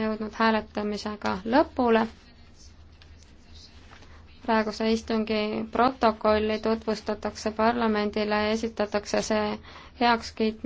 jõudnud hääletamisega lõpule. praeguse istungi protokolli tutvustatakse parlamendile ja esitatakse see heakskiitmisele.